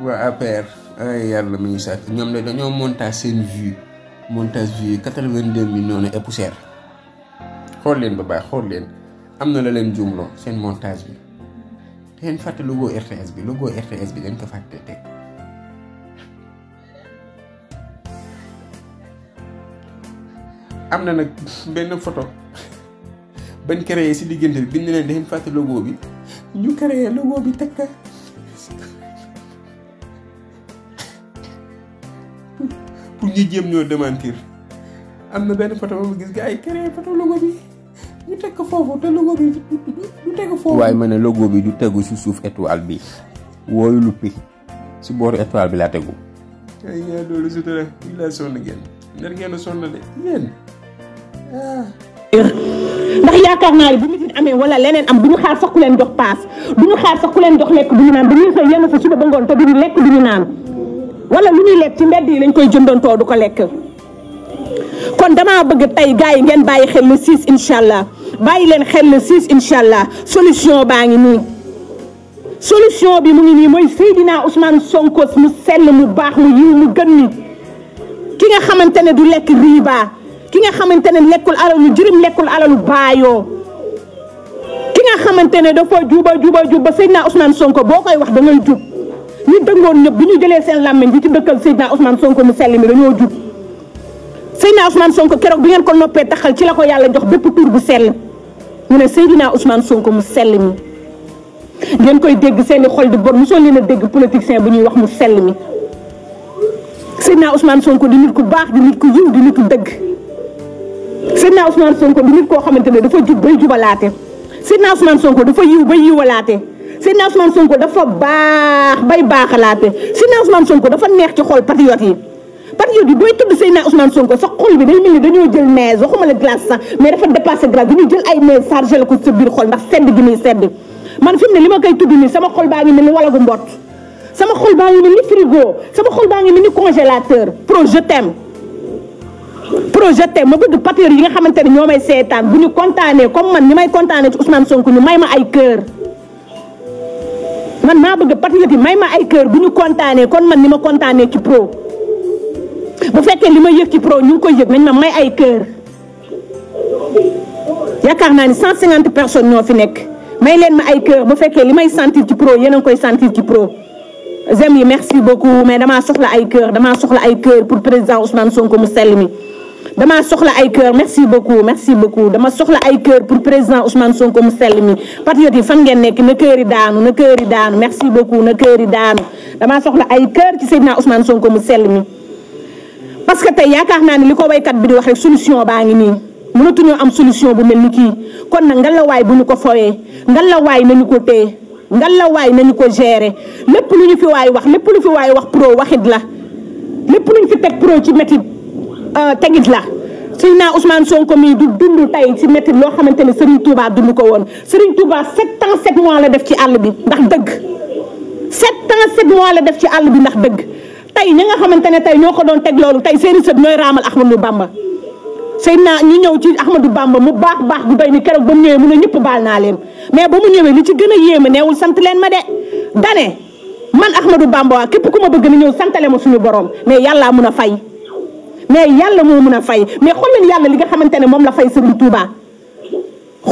waa APR ay yàlla mi ngi ñoom de dañoo montage seen vue montage vue quatre-vingt-deux millions et poussière xool leen ba baax xool leen am na la leen juumloo seen montage bi te ngeen fàtte logo RTS bi logo RTS bi dañ ko fàtte teg na benn photo bañ créé si diggante bi bind ñu créé logo bi teg mujj jéem ñoo démentir am na benn photo boobu gis nga ay créé photo logo bi ñu teg ko te logo ma ne logo tegu si suuf étoile bi wooyu luppi si booru bi laa loolu si dara bii laa sonn a sonn ah. ndax yaakaar naa ne bu mitin amee wala leneen am du ñu xaar sax ku leen jox paas du ñu xaar sax ku leen jox lekk du ñu naan dañuy xëy yenn fa suba ba ngoon te du lekk du ñu naan. wala lu ñuy lekk ci mbedd yi lañ koy jëndantoo du ko lekk kon damaa bëgg tey gars yi ngeen bàyyi xel le 6 incha allah bàyyi leen xel na 6 incha allah solution baa ngi nii solution bi mu ngi nii mooy Seydina Ousmane Sonko mu sell mu baax mu yiw mu gën ni ki nga xamante ne du lekk riba ki nga xamante ne lekkul alalu jërëm lekkul alalu baayoo ki nga xamante ne dafa juba juba jub ba naa Ousmane Sonko boo koy wax da ngay jub ñi dëngoon ñëpp bu ñu jëlee seen làmmiñ bi ci dëkkal Seydina Ousmane Sonko mu sell mi dañoo jub Seydina Ousmane Sonko keroog bi ngeen ko noppee taxal ci la yàlla jox bépp tur bu sell ñu ne Seydina Ousmane Sonko mu koy dégg seen i xol di bon mosoo leen a dégg bu ñuy wax mu sell mi Seydina Ousmane Sonko di nit ku baax di nit ku yiw di nit ku dëgg Seydina Ousmane Sonko di nit koo xamante ne dafa jub bay jubalaate Seydina Ousmane Sonko dafa yiw bay yiwalaate Seydina Ousmane Sonko dafa baax bay baaxalaate Seydina Ousmane Sonko dafa neex ci xol patriote yi patriote yi booy tudd Seydina Ousmane Sonko sa xol bi day mel ni dañoo jël neige waxuma la glace sax mais dafa dépassé glace dañuy jël ay neige chargé la ko sa biir xol ndax sedd gi muy sedd man fi ne li ma koy tudd nii sama xol baa ngi mel ni walagu mbott sama xol baa ngi mel ni frigo sama xol baa ngi mel ni congélateur pro je t'aime projet te ma bëgg papier yi nga xamante ne ñoo may seetaan bu ñu kontaanee comme man ni may kontaanee ci Ousmane Sonko ñu may ma ay kër bëgg patriote yi may ma ay cœur bu ñu kontaanee kon man ni ma kontaanee ci pro bu fekkee li ma yëg ci pro ñu ngi koy yëg nañ ma may ay kër yaakaar naa ni 150 personne ñoo fi nekk may leen ma ay cœur bu fekkee li may sentir ci pro yéen a koy sentir ci pro j'aime yi merci beaucoup mais damaa soxla ay kër damaa soxla ay cœur pour président Ousmane Sonko mu sell mi. damaa soxla ay kër merci beaucoup merci beaucoup dama soxla ay cœur pour président Ousmane Sonko mu sell mi patriote yi fan ngeen nekk na cœur yi daanu na cœur yi daanu merci beaucoup na cœur yi daanu dama soxla ay cœur ci Seydina Ousmane Sonko mu sell mi parce que tey yaakaar naa ne li ko waykat bi di wax rek solution baa ngi nii mënatuñoo am solution bu mel ni kii kon nag ngalawaay bu ñu ko foyee ngalawaay nañu ko téye ngalawaay nañu ko gérer lépp lu ñu fi waay wax lépp lu fi waay wax pro waxit la lépp lu ñu fi teg ci métit Euh, tegit la suñ naa Ousmane Sonko mii du dund tey ci métti loo xamante ne Serigne Touba dund ko woon Serigne Touba sept ans sept mois la def ci àll bi ndax dëgg set ans sept mois la def ci àll bi ndax dëgg tey ñi nga xamante ne tey ñoo ko doon teg loolu tey seeni sët ñooy raamal Ahmadou Bamba sëy naa ñu ñëw ci Ahmadou Bamba mu baax baax bu doy ni keroog ba mu ñëwee mun ne ñëpp baal naa leen mais ba mu ñëwee li ci gën a yéeme neewul sant leen ma de dane man Ahmadou Bamba waa képp ku ma bëgg na ñëw santale ma suñu borom mais yàllaa mun a fay mais yàlla moo mën a fay mais xool leen yàlla li nga xamante ne moom la fay Serigne Touba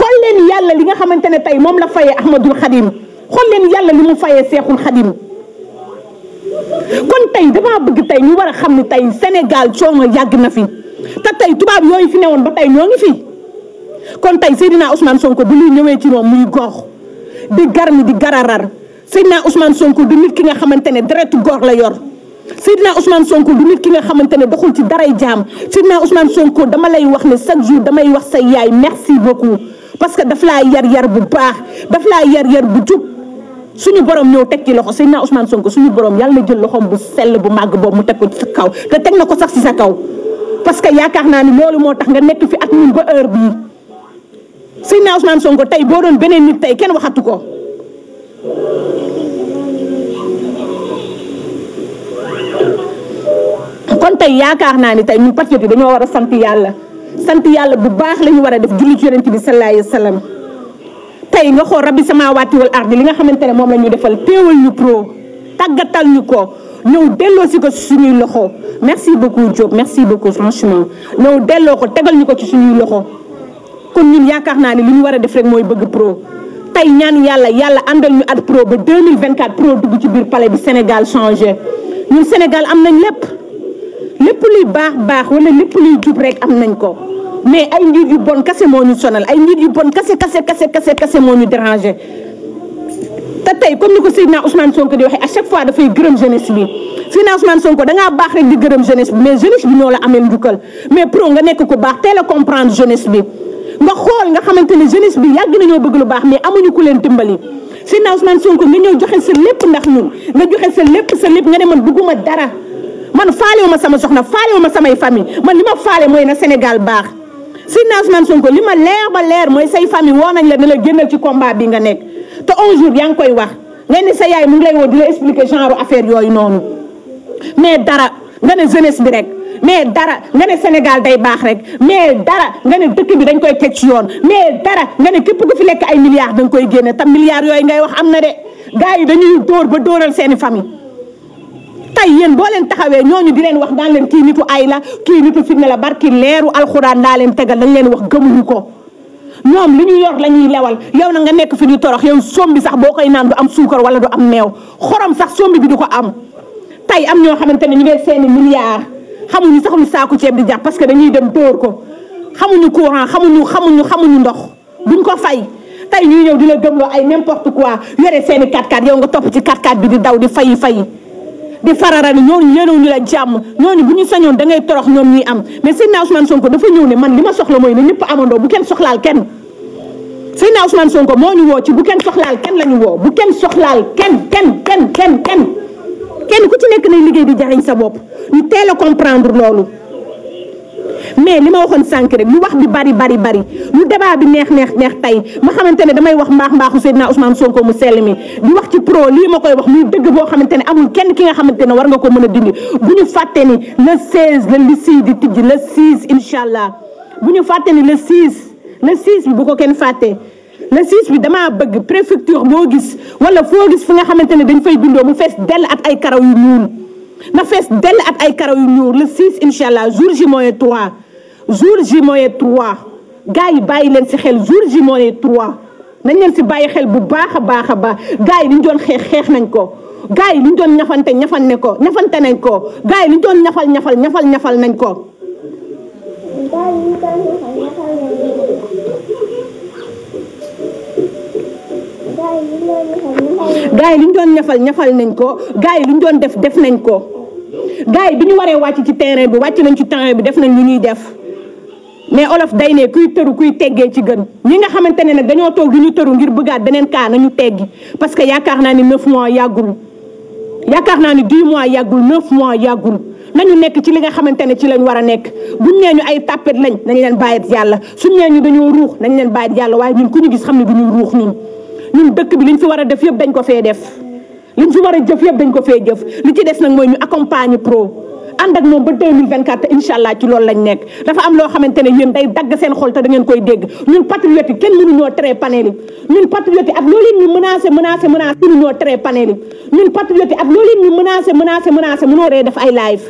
xool leen yàlla li nga xamante ne tey moom la fayee Ahmadul Xadim xool leen yàlla li mu fayee Seexul Xadim kon tey damaa bëgg tey ñu war a xam ni tey Sénégal ma yàgg na fi te tey tubaab yooyu fi newoon ba tey ñoo ngi fi kon tey Seydina Ousmane Sonko bu luy ñëwee ci moom muy gox di garmi di gararar Seydina Ousmane Sonko du nit ki nga xamante ne deretu gox la yor. Seydina Ousmane Sonko du nit ki nga xamante ne doxul ci daray jaam Seydina Ousmane Sonko dama lay wax ne chaque jour damay wax sa yaay merci beaucoup parce que daf laa yar yar bu baax daf laa yar yar bu jub suñu borom ñëw teg ci loxo Seydina Ousmane Sonko suñu borom yàlla na jël loxoom bu sell bu màgg boobu mu teg ko ci sa kaw te teg na ko sax ci sa kaw parce que yaakaar naa ni loolu moo tax nga nekk fi ak ñun ba heure bii Seydina Ousmane Sonko tey boo doon beneen nit tey kenn waxatu ko. tey yaakaar naa ni tey ñu patriote yi dañoo war a sant yàlla sant yàlla bu baax la ñu war a def julli ci yonent bi sallallahu alayhi wa sallam tey nga xool bi sama waati wal ardi li nga xamante ne moom lañuy defal teewal ñu pro tàggatal ñu ko ñëw delloo si ko suñuy loxo merci beaucoup Diop merci beaucoup franchement ñëw delloo ko tegal ñu ko ci suñuy loxo kon ñun yaakaar naa ni li ñu war a def rek mooy bëgg pro tey ñaan yàlla yàlla àndal ñu at pro ba 2024 pro dugg ci biir palais bi Sénégal changé ñun Sénégal am nañ lépp lépp luy baax baax wala lépp luy jub rek am nañ ko mais ay njiit yu bon kase moo ñu sonal ay njiit yu bon kase kase kase kase kase moo ñu déranger. te tey comme ni ko naa Seydina Ousmane Sonko di waxee à chaque fois dafay gërëm jeunesse bi Seydina Ousmane baax rek di gërëm jeunesse mais jeunesse bi ñoo la amee njukkal mais pro nga nekk ko baax teel a comprendre jeunesse bi. nga xool nga xamante ne jeunesse bi yàgg na nañoo bëgg lu baax mais amuñu ko leen dimbali Seydina Ousmane Sonko nga ñëw joxe sa lépp ndax ñun nga joxe sa lépp sa lépp nga ne bëgguma dara. man faalewu ma sama soxna faalewu ma samay famille man li ma faale mooy na Sénégal baax Seydina Ousmane ko li ma leer ba leer mooy say famille woo nañ la ne la génnal ci combat bi nga nekk te un jour yaa ngi koy wax nga ne sa yaay mu ngi lay woo di la expliquer genre affaire yooyu noonu mais dara nga ne jeunesse bi rek mais dara nga ne Sénégal day baax rek mais dara nga ne dëkk bi dañ koy teg ci yoon mais dara nga ne képp ku fi lekk ay milliards da koy génne tam milliards yooyu ngay wax am na de gars dañuy dóor ba dóoral seeni famille tey yéen boo leen taxawee ñooñu di leen wax daan leen kii nitu ay la kii nitu fitna la barki leeru alxuraan daa leen tegal dañ leen wax gëmuñu ko ñoom li ñu yor la ñuy lewal yow na nga nekk fi ñu torox yow sombi sax boo koy naan du am suukar wala du am meew xorom sax sombi bi du ko am tey am ñoo xamante ne ñu ngi seeni milliards xamuñu sax lu saaku ceeb di jàpp parce que dañuy dem dóor ko xamuñu courant xamuñu xamuñu xamuñu ndox duñ ko fay tey ñuy ñëw di la gëmloo ay n'importe quoi yore seeni 4 x yow nga topp ci 4x4 bi di daw di fayi fayi di farara ni ñooñu yéenew ñu la jàmm ñoo ñooñu bu ñu sañoon dangay ngay torox ñoom ñuy am mais Seydina Ousmane Sonko dafa ñëw ne man li ma soxla mooy ne ñëpp amandoo bu kenn soxlaal kenn Seydina Ousmane Sonko moo ñu woo ci bu kenn soxlaal kenn la ñu woo bu kenn soxlaal kenn kenn kenn kenn kenn kenn ku ci nekk nañ liggéey di jariñ sa bopp ñu teel a comprendre loolu mais li ma waxoon sànq lu wax bi bari bari bari lu débat bi neex neex neex tey ma xamante ne damay wax mbaax mbaaxu Seydina Ousmane Sonko mu sell mi di wax ci pro lii ma koy wax muy dëgg boo xamante ne amul kenn ki nga xamante ne war nga ko mën a dindi bu ñu fàtte ni le 16 la lycée di tijji le 6 incha allah bu ñu fàtte ni le 6 le 6 bi bu ko kenn fàtte le 6 bi damaa bëgg préfecture moo gis wala foo gis fi nga xamante ne dañ fay dundoo mu fees dell ak ay karaw na fees dell ak ay karaw yu ñuul le 6 incha allah jour ji mooy jour J moins 3 gars yi bàyyi leen si xel jour J moins 3 nañ leen si bàyyi xel bu baax a baax a baax gars yi li ñu doon xeex xeex nañ ko. gaa yi li ñu doon ñafante ñafal ne ko ñafante nañ ko gars yi li doon ñafal ñafal ñafal ñafal nañ ko. gaa yi li ñu doon ñafal ñafal nañ ko gars yi li doon def def nañ ko. gaa yi bi ñu waree wàcc ci terrain bi wàcc nañ ci terrain bi def nañ lu ñuy def. mais olof day ne kuy tëru kuy teggee ci gën ñi nga xamante ne nag dañoo toog du ñu tëru ngir bëggaat beneen cas nañu teggi parce que yaakaar naa ni neuf mois yàggul yaakaar naa ni dix mois yàggul neuf mois yàggul nañu nekk ci li nga xamante ne ci lañ war a nekk buñ nee ñu ay tàppet lañ nañu leen bàyyit yàlla suñ nee ñu dañoo ruux nañu leen bàyyit yàlla waaye ñun ku ñu gis xam ne du ñuy ruux ñun ñun dëkk bi li ñu fi war a def yëpp dañ ko fee def liñ fi war a jëf yëpp dañ ko fee jëf li ci des nag mooy ñu accompagner pro ànd ak moom ba 2024 te incha allah ci loolu lañ nekk dafa am loo xamante ne yéen day dagg seen xol te da ngeen koy dégg ñun patriotes yi kenn mënu ñoo tere panel yi ñun patriotes yi ak loolu leen ñu menacé menacé menacé mënu ñoo tere panel yi ñun patriotes yi ak loolu leen ñu menacé menacé menacé mënoo ree def ay live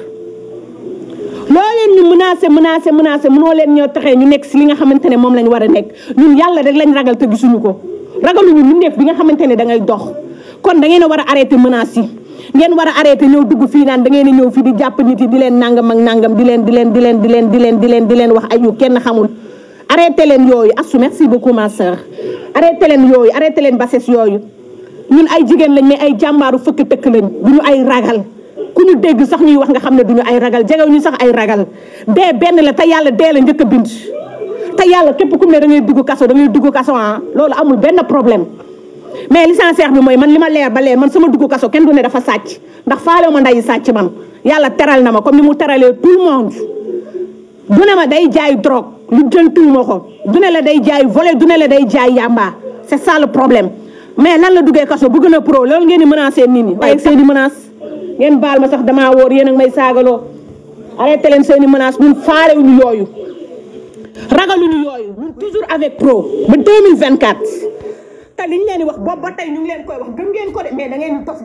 loo leen ñu leen ñoo taxee ñu nekk si li nga xamante ne moom lañ war a nekk ñun yàlla rek lañ ragal te gisuñu ko ragaluñu ñu nekk bi nga xamante ne da ngay dox kon da ngeen war a arrêté menace yi ngeen war a arrêté ñëw dugg fii naan da ngeen ñëw fii di jàpp nit yi di leen nangam ak nangam di leen di leen di leen di leen di leen di leen di leen wax ay yu kenn xamul arrêté leen yooyu asu merci beaucoup ma sœur arrêté leen yooyu arrêté leen bases yooyu ñun ay jigéen lañ mais ay jàmbaaru fëkk tëkk lañ du ñu ay ragal ku ñu dégg sax ñuy wax nga xam ne duñu ay ragal jegew ñu sax ay ragal dee benn la te yàlla dee la njëkk a bind te yàlla képp ku ne da dugg kaso da dugg kaso ah. loolu amul benn problème mais li licenciaire bi mooy man li ma leer ba leer man sama dugg kaso kenn du ne dafa sàcc ndax faalewu ma ndayi sàcc man yàlla teral na ma comme ni mu teralee tout le monde du ne ma day jaay drogue lu jëntuwu ma ko du ne la day jaay volet du ne day jaay yàmbaa c'est ça le problème mais lan la duggee kaso gën a pro loolu ngeen di menacé nit ñi waaye seen i menace ngeen baal ma sax dama wóor yéen ak may saagaloo arrêté leen seen i menace ñun faalewuñu yooyu ragaluñu yooyu ñun toujours avec pro ba 2024 te liñ leen di wax boobu ba tey ñu ngi leen ko wax gëm ngeen ko de mais da ngeen tos